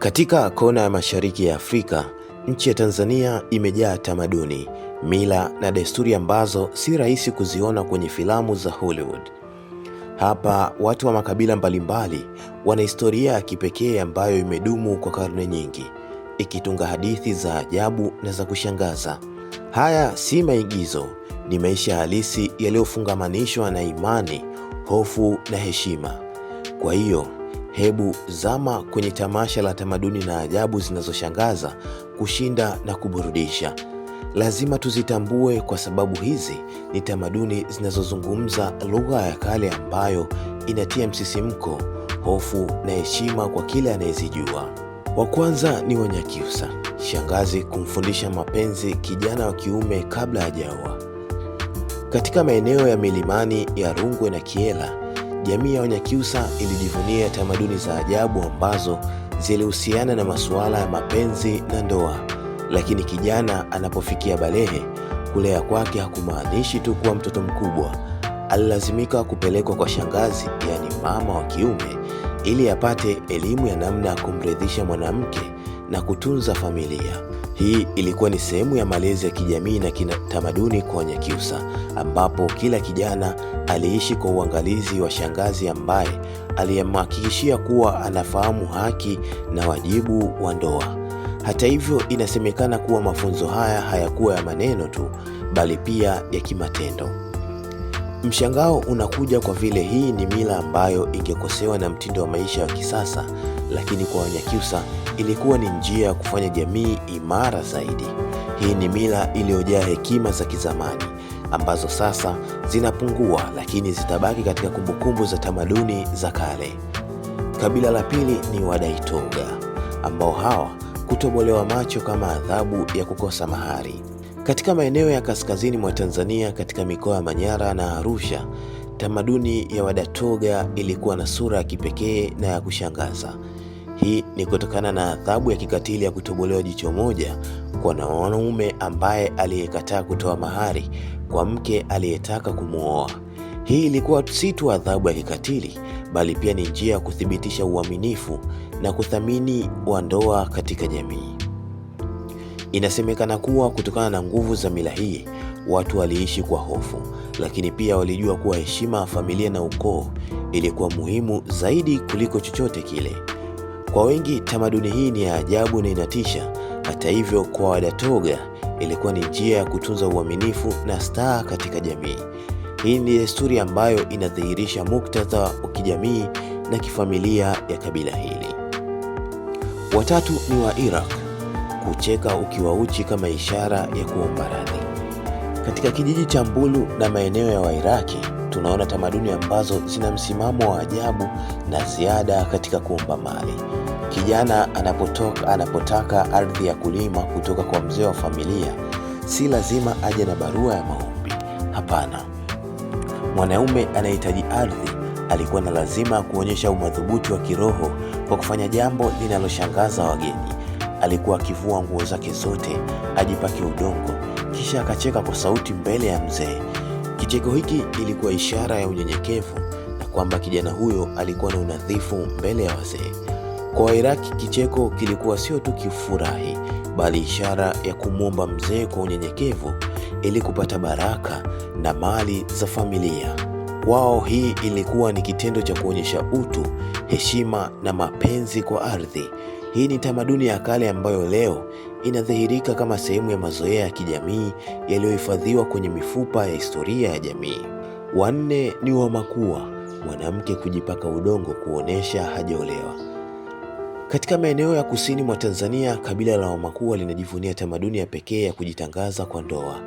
Katika kona ya mashariki ya Afrika, nchi ya Tanzania imejaa tamaduni, mila na desturi ambazo si rahisi kuziona kwenye filamu za Hollywood. Hapa watu wa makabila mbalimbali wana historia ya kipekee ambayo imedumu kwa karne nyingi, ikitunga hadithi za ajabu na za kushangaza. Haya si maigizo, ni maisha halisi yaliyofungamanishwa na imani, hofu na heshima. Kwa hiyo Hebu zama kwenye tamasha la tamaduni na ajabu zinazoshangaza, kushinda na kuburudisha. Lazima tuzitambue kwa sababu hizi ni tamaduni zinazozungumza lugha ya kale ambayo inatia msisimko, hofu na heshima kwa kile anayezijua. Wa kwanza ni Wanyakyusa, shangazi kumfundisha mapenzi kijana wa kiume kabla hajaoa. Katika maeneo ya milimani ya Rungwe na Kiela Jamii ya Wanyakyusa ilijivunia tamaduni za ajabu ambazo zilihusiana na masuala ya mapenzi na ndoa. Lakini kijana anapofikia balehe, kulea kwake hakumaanishi tu kuwa mtoto mkubwa. Alilazimika kupelekwa kwa shangazi, yaani mama wa kiume, ili apate elimu ya namna ya kumridhisha mwanamke na kutunza familia. Hii ilikuwa ni sehemu ya malezi ya kijamii na kitamaduni kwa Wanyakyusa, ambapo kila kijana aliishi kwa uangalizi wa shangazi ambaye aliyemhakikishia kuwa anafahamu haki na wajibu wa ndoa. Hata hivyo, inasemekana kuwa mafunzo haya hayakuwa ya maneno tu, bali pia ya kimatendo. Mshangao unakuja kwa vile hii ni mila ambayo ingekosewa na mtindo wa maisha wa kisasa lakini kwa Wanyakyusa ilikuwa ni njia ya kufanya jamii imara zaidi. Hii ni mila iliyojaa hekima za kizamani ambazo sasa zinapungua, lakini zitabaki katika kumbukumbu za tamaduni za kale. Kabila la pili ni Wadaitoga ambao hawa kutobolewa macho kama adhabu ya kukosa mahari. Katika maeneo ya kaskazini mwa Tanzania, katika mikoa ya Manyara na Arusha, tamaduni ya Wadatoga ilikuwa na sura ya kipekee na ya kushangaza. Hii ni kutokana na adhabu ya kikatili ya kutobolewa jicho moja kwa mwanaume ambaye aliyekataa kutoa mahari kwa mke aliyetaka kumwoa. Hii ilikuwa si tu adhabu ya kikatili bali pia ni njia ya kuthibitisha uaminifu na kuthamini wa ndoa katika jamii. Inasemekana kuwa kutokana na nguvu za mila hii, watu waliishi kwa hofu, lakini pia walijua kuwa heshima ya familia na ukoo ilikuwa muhimu zaidi kuliko chochote kile. Kwa wengi tamaduni hii ni ya ajabu na inatisha. Hata hivyo, kwa Wadatoga ilikuwa ni njia ya kutunza uaminifu na staa katika jamii. Hii ni desturi ambayo inadhihirisha muktadha wa kijamii na kifamilia ya kabila hili. Watatu ni wa Iraq, kucheka ukiwa uchi kama ishara ya kuomba radhi. Katika kijiji cha Mbulu na maeneo ya Wairaki tunaona tamaduni ambazo zina msimamo wa ajabu na ziada katika kuomba mali. Kijana anapotoka, anapotaka ardhi ya kulima kutoka kwa mzee wa familia, si lazima aje na barua ya maombi. Hapana, mwanaume anayehitaji ardhi alikuwa na lazima kuonyesha umadhubuti wa kiroho kwa kufanya jambo linaloshangaza wageni. Alikuwa akivua nguo zake zote, ajipake udongo, kisha akacheka kwa sauti mbele ya mzee. Kicheko hiki ilikuwa ishara ya unyenyekevu na kwamba kijana huyo alikuwa na unadhifu mbele ya wazee. Kwa Wairaki kicheko kilikuwa sio tu kifurahi, bali ishara ya kumwomba mzee kwa unyenyekevu ili kupata baraka na mali za familia. Wao hii ilikuwa ni kitendo cha kuonyesha utu, heshima na mapenzi kwa ardhi. Hii ni tamaduni ya kale ambayo leo inadhihirika kama sehemu ya mazoea ya kijamii yaliyohifadhiwa kwenye mifupa ya historia ya jamii. Wanne ni Wamakua, mwanamke kujipaka udongo kuonesha hajaolewa. Katika maeneo ya kusini mwa Tanzania, kabila la Wamakuwa linajivunia tamaduni ya pekee ya kujitangaza kwa ndoa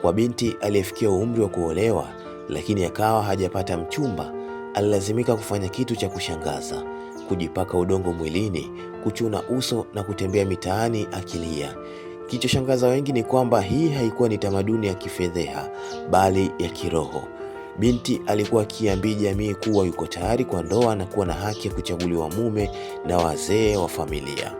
kwa binti aliyefikia umri wa kuolewa lakini akawa hajapata mchumba. Alilazimika kufanya kitu cha kushangaza: kujipaka udongo mwilini, kuchuna uso na kutembea mitaani akilia. Kilichoshangaza wengi ni kwamba hii haikuwa ni tamaduni ya kifedheha, bali ya kiroho. Binti alikuwa akiambia jamii kuwa yuko tayari kwa ndoa na kuwa na haki ya kuchaguliwa mume na wazee wa familia.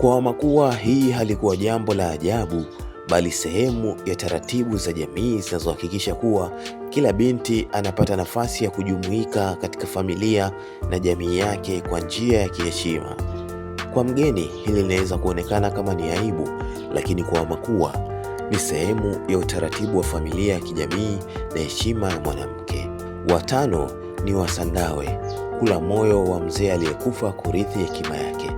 Kwa Wamakuwa hii halikuwa jambo la ajabu, bali sehemu ya taratibu za jamii zinazohakikisha kuwa kila binti anapata nafasi ya kujumuika katika familia na jamii yake kwa njia ya kiheshima. Kwa mgeni hili linaweza kuonekana kama ni aibu, lakini kwa Wamakuwa ni sehemu ya utaratibu wa familia ya kijamii na heshima ya mwanamke. Watano ni wasandawe, kula moyo wa mzee aliyekufa kurithi hekima yake.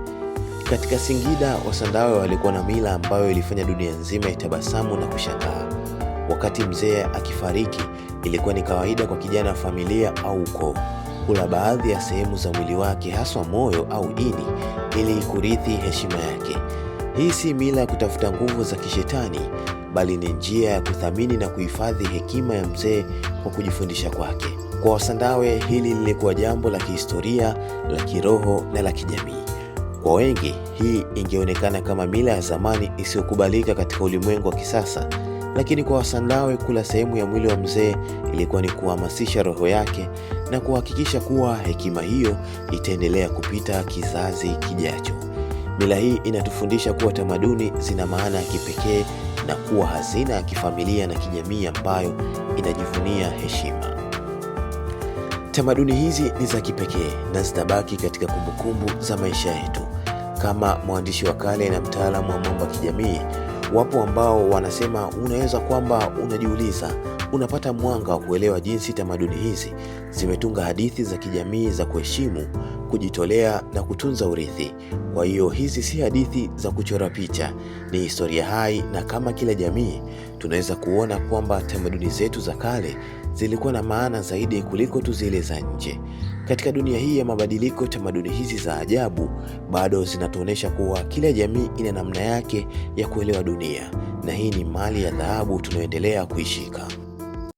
Katika Singida, wasandawe walikuwa na mila ambayo ilifanya dunia nzima itabasamu na kushangaa. Wakati mzee akifariki, ilikuwa ni kawaida kwa kijana wa familia au ukoo kula baadhi ya sehemu za mwili wake, haswa moyo au ini, ili kurithi heshima yake. Hii si mila ya kutafuta nguvu za kishetani, bali ni njia ya kuthamini na kuhifadhi hekima ya mzee kwa kujifundisha kwake. Kwa Wasandawe, hili lilikuwa jambo la kihistoria, la kiroho na la kijamii. Kwa wengi, hii ingeonekana kama mila ya zamani isiyokubalika katika ulimwengu wa kisasa, lakini kwa Wasandawe, kula sehemu ya mwili wa mzee ilikuwa ni kuhamasisha roho yake na kuhakikisha kuwa hekima hiyo itaendelea kupita kizazi kijacho. Mila hii inatufundisha kuwa tamaduni zina maana ya kipekee na kuwa hazina ya kifamilia na kijamii ambayo inajivunia heshima. Tamaduni hizi ni za kipekee na zitabaki katika kumbukumbu za maisha yetu. Kama mwandishi wa kale na mtaalamu wa mambo ya kijamii, wapo ambao wanasema unaweza kwamba unajiuliza, unapata mwanga wa kuelewa jinsi tamaduni hizi zimetunga hadithi za kijamii za kuheshimu, kujitolea na kutunza urithi. Kwa hiyo hizi si hadithi za kuchora picha, ni historia hai, na kama kila jamii tunaweza kuona kwamba tamaduni zetu za kale zilikuwa na maana zaidi kuliko za nje. Katika dunia hii ya mabadiliko, tamaduni hizi za ajabu bado zinatuonyesha kuwa kila jamii ina namna yake ya kuelewa dunia, na hii ni mali ya dhahabu tunayoendelea kuishika.